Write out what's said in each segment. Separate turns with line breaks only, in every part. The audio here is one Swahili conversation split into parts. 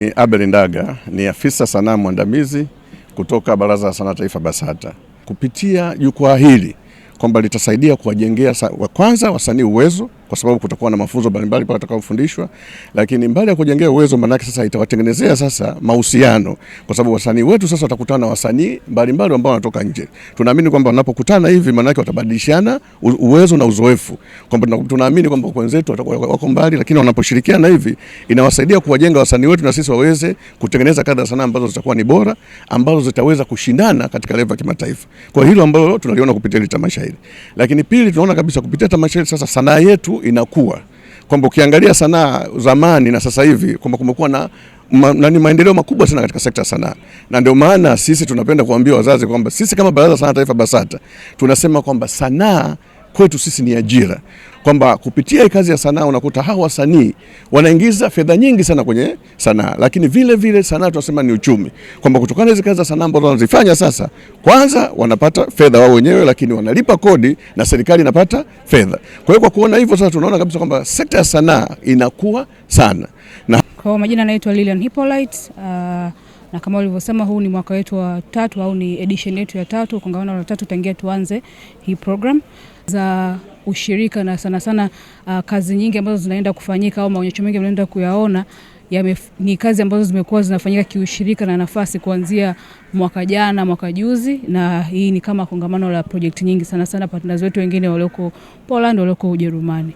Ni Abel Ndaga ni afisa sanaa mwandamizi kutoka Baraza la Sanaa Taifa BASATA. Kupitia jukwaa hili kwamba litasaidia kuwajengea kwanza wasanii uwezo, kwa sababu kutakuwa na mafunzo mbalimbali pale atakayofundishwa, lakini mbali ya kujengea uwezo, manake sasa itawatengenezea sasa mahusiano, kwa sababu wasanii wetu sasa watakutana na wasanii mbalimbali ambao wanatoka nje. Tunaamini kwamba wanapokutana hivi, manake watabadilishana uwezo na uzoefu, kwamba tunaamini kwamba wenzetu watakuwa wako mbali, lakini wanaposhirikiana hivi inawasaidia kuwajenga wasanii wetu na sisi waweze kutengeneza kadha sanaa ambazo zitakuwa ni bora, ambazo zitaweza kushindana katika level ya kimataifa. Kwa hilo ambalo tunaliona kupitia tamasha hili, lakini pili tunaona kabisa kupitia tamasha hili sasa sanaa yetu inakuwa kwamba ukiangalia sanaa zamani na sasa hivi kwamba kumekuwa na ma, nani maendeleo makubwa sana katika sekta ya sanaa, na ndio maana sisi tunapenda kuambia wazazi kwamba sisi kama Baraza la Sanaa Taifa BASATA tunasema kwamba sanaa kwetu sisi ni ajira kwamba kupitia hii kazi ya sanaa unakuta hawa wasanii wanaingiza fedha nyingi sana kwenye sanaa, lakini vile vile sanaa tunasema ni uchumi, kwamba kutokana na kazi za sanaa ambazo wanazifanya sasa, kwanza wanapata fedha wao wenyewe, lakini wanalipa kodi na serikali inapata fedha. Kwa hiyo kwa kuona hivyo sasa tunaona kabisa kwamba sekta ya sanaa inakuwa sana
na... kwa majina anaitwa Lilian Hippolyte uh na kama ulivyosema, huu ni mwaka wetu wa tatu au ni edition yetu ya tatu, kongamano la tatu tangia tuanze hii program za ushirika na sana sana uh, kazi nyingi ambazo zinaenda kufanyika au maonyesho mengi mnaenda kuyaona Mef, ni kazi ambazo zimekuwa zinafanyika kiushirika na nafasi kuanzia mwaka jana mwaka juzi, na hii ni kama kongamano la project nyingi sana sana, partners wetu wengine walioko Poland, walioko Ujerumani.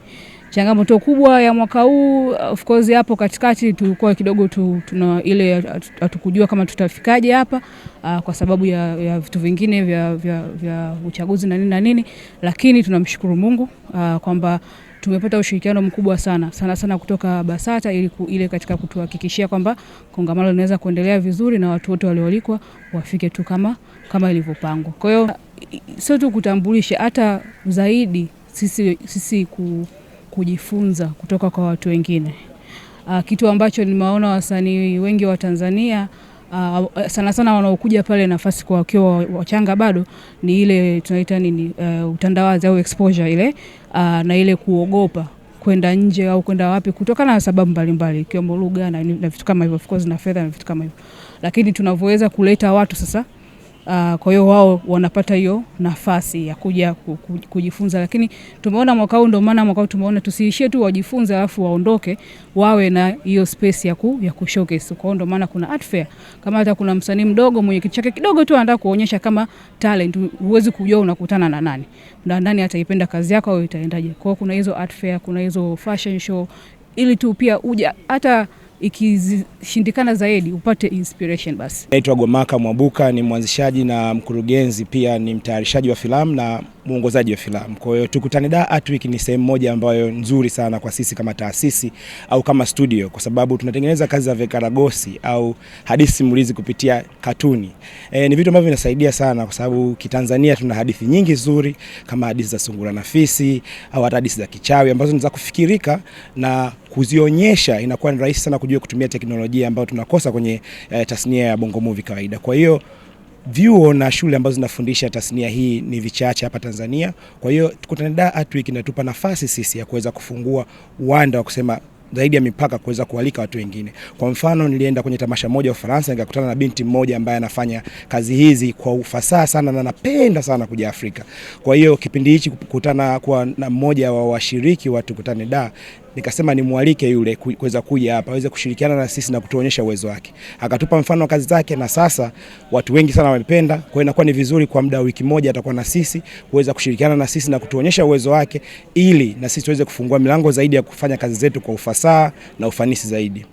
Changamoto kubwa ya mwaka huu of course, hapo katikati tulikuwa kidogo tu, tuna ile hatukujua kama tutafikaje hapa ah, kwa sababu ya, ya vitu vingine vya, vya, vya uchaguzi na nini na nini, lakini tunamshukuru Mungu ah, kwamba tumepata ushirikiano mkubwa sana sana sana kutoka BASATA ili ile katika kutuhakikishia kwamba kongamano linaweza kuendelea vizuri na watu wote walioalikwa wafike tu kama, kama ilivyopangwa. Kwa hiyo sio tu kutambulisha, hata zaidi sisi, sisi ku kujifunza kutoka kwa watu wengine. Uh, kitu ambacho nimeona wasanii wengi wa Tanzania uh, sana sana wanaokuja pale nafasi kwa wakiwa wachanga bado ni ile tunaita nini, uh, utandawazi au exposure ile uh, na ile kuogopa kwenda nje au kwenda wapi kutokana na sababu mbalimbali ikiwemo lugha na vitu kama hivyo, of course na fedha na vitu kama hivyo, lakini tunavyoweza kuleta watu sasa Uh, kwa hiyo wao wanapata hiyo nafasi ya kuja kujifunza, lakini tumeona mwaka huu, ndio maana mwaka huu tumeona tusiishie tu wajifunze alafu waondoke, wawe na hiyo space ya ku, ya kushowcase. Kwa hiyo ndio maana kuna art fair, kama hata kuna msanii mdogo mwenye kitu chake kidogo tu anataka kuonyesha kama talent, huwezi kujua unakutana na nani na nani ataipenda kazi yako au itaendaje. Kwa hiyo kuna hizo art fair, kuna hizo fashion show, ili tu pia uja hata ikishindikana zaidi upate inspiration basi.
Naitwa Gwamaka Mwabuka, ni mwanzishaji na mkurugenzi pia ni mtayarishaji wa filamu na mwongozaji wa filamu. Kwa hiyo Tukutane Dar Art Week ni sehemu moja ambayo nzuri sana kwa sisi kama taasisi au kama studio, kwa sababu tunatengeneza kazi za vikaragosi au hadithi simulizi kupitia katuni. E, ni vitu ambavyo vinasaidia sana kwa sababu kitanzania tuna hadithi nyingi nzuri kama hadithi za sungura na fisi au hata hadithi za kichawi ambazo ni za kufikirika na kuzionyesha inakuwa ni rahisi sana kujua kutumia teknolojia ambayo tunakosa kwenye eh, tasnia ya Bongo Movie kawaida. Kwa hiyo vyuo na shule ambazo zinafundisha tasnia hii ni vichache hapa Tanzania. Kwa hiyo Tukutane Kutandaa Art Week inatupa nafasi sisi ya kuweza kufungua uwanda wa kusema zaidi ya mipaka kuweza kualika watu wengine. Kwa mfano, nilienda kwenye tamasha moja wa Ufaransa nikakutana na binti mmoja ambaye anafanya kazi hizi kwa ufasaha sana na anapenda sana kuja Afrika. Kwa hiyo kipindi hichi kukutana kwa na mmoja wa washiriki wa Tukutane Da nikasema nimwalike yule kuweza kuja hapa aweze kushirikiana na sisi na kutuonyesha uwezo wake. Akatupa mfano kazi zake, na sasa watu wengi sana wamependa. Kwa hiyo inakuwa ni vizuri, kwa muda wa wiki moja atakuwa na sisi kuweza kushirikiana na sisi na kutuonyesha uwezo wake, ili na sisi tuweze kufungua milango zaidi ya kufanya kazi zetu kwa ufasaha na ufanisi zaidi.